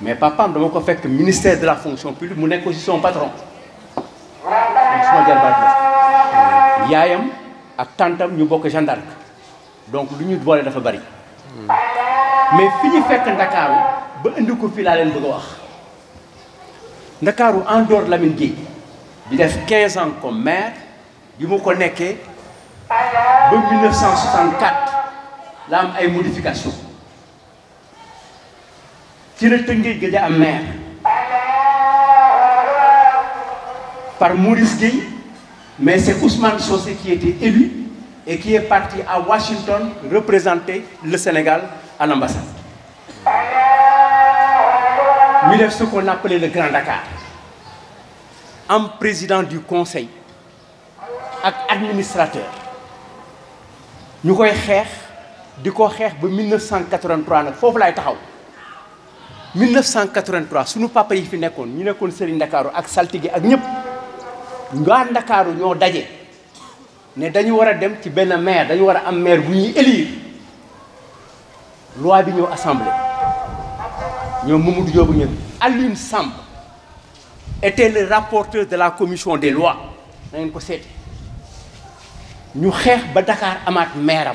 mais papa, papaam dama ko le ministère de la fonction publique mu suis aussi son patron donc suma jarbaat la hmm. yaayam ak tantam ñu bokk gendarme donc lu ñu boole dafa bari hmm. mais ce ñu fekk dakar ba indi ko fii laa leen bëgg a wax ndakaaru en dehors Lamine Gueye Il def 15 ans comme maire Il mu ko nekkee en 1964 a eu ay modification ci la maire par Maurice Gueye mais c'est Ousmane Sossé qui était élu et qui est parti à Washington représenter le Sénégal à l'ambassade Mais ce qu'on appelait le Grand Dakar Un président du conseil et administrateur nous avons fait di 1983 1983 si papa yi fi nekkoon ñu nekkoon Serigne ak ak ñëpp ñoo Nous ne dañu wara dem ci benn maire dañu Nous am élire loi bi assemblée était le rapporteur de la commission des lois Nous Nous ñu xex ba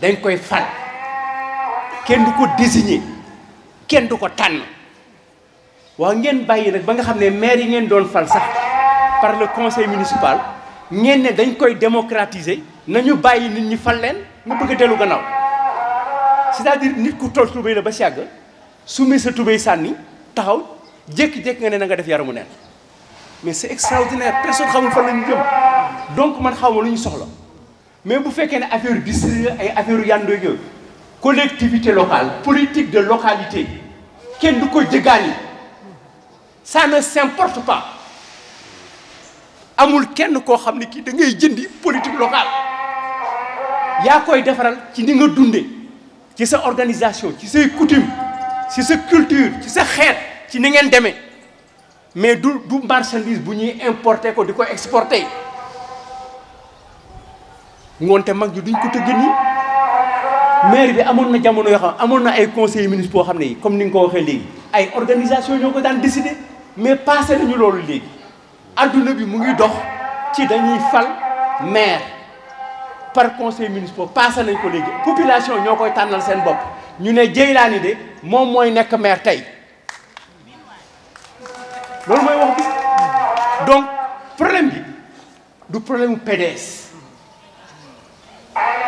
dañ koy fal kenn du ko désigner kenn du ko tànn waaw ngeen bàyyi nag ba nga xam ne maire yi ngeen doon fal sax par le conseil municipal ngeen ne dañ koy démocratiser nañu bàyyi nit ñi fal leen mu bëgg a dellu gannaaw c'est-à-dire nit ku toll tubéy la ba si yàgg summi sa tubéy sànni taxaw jékki-jékki nga ne na nga def yaramu neen mais c'est extraordinaire personne xamul fan la ñu jëm donc man xaw ma lu ñu soxla. mais vous faites une affaire district ay affaire collectivité locale politique de localité est du ko ça ne s'importe pas amul qui ko xamni ki politique locale defaral ci ni nga ci sa organisation ci say coutume ci sa culture ci sa xeet ci ni ngeen mais du du marchandise bu ñuy importer ko diko exporter ngonté mag ji duñ ko tëgg ni maire bi amon na jamono yo xam amon na ay conseil municipaux xam ne comme ni ngi ko waxé légui ay organisation ñoko daan décider mais passé nañu lolu légui adduna bi mu ngi dox ci dañuy fal maire par conseil municipal passé nañ ko légui population ñokoy tanal sen seen bopp ñu ne Dieylaani de moom mooy nekk maire tay loolu mooy wax bi donc problème bi du problème PDS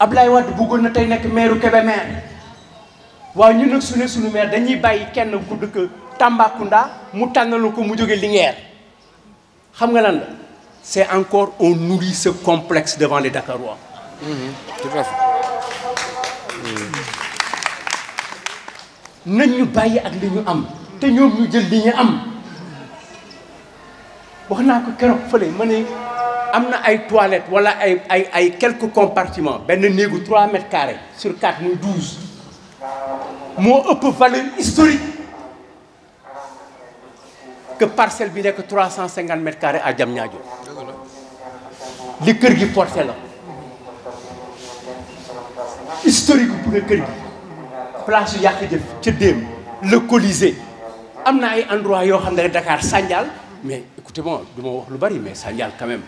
Ablaye Wade bëggoon na tay tey nekk maire Kébémer waaw ñu nak suñu suñu maire dañuy bayyi kenn ku dëkk Tambacounda mu tànnalu ko mu jóge Linguère xam nga lan la c'est encore on nourrit ce complexe devant les Dakarois. Mmh, tout à fait. Mmh. nañ ñu bayyi ak li ñu am te ñoom ñu jël li ñu am wax naa ko keroog fële ma ne amna a ay toilettes wala ay ay ay quelques compartiments ben néegu 3 mètres carrés sur 4 muy 12 moo ëpp valeur historique que parcelle bi nek 350 mètres carrés à Diamniadio li kër gi forcé la historique pour le kër gi place yu yàq jëf ca le Colisée amna ay endroit yo xam a Dakar Sandial mais écoutez-moi duma wax lu bari mais Sandial quand même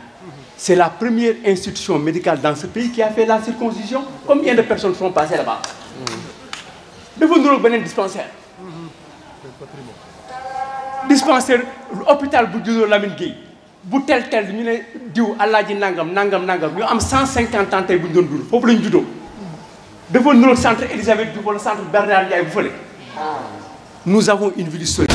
c'est la première institution médicale dans ce pays qui a fait la circoncision. Combien de personnes sont passées là-bas vous mm-hmm. nous le dispensaire. Mm-hmm. dispensaire hôpital bu Lamine Gueye bu tel tel ñu ne diw alaaji nangam nangam nangam ñu am 150 ans tey bu ñu doon dund foofu la ñu juddoo dafa le centre Elisabeth Diouf centre Bernard Ndiaye vous fële ah. nous avons une ville solide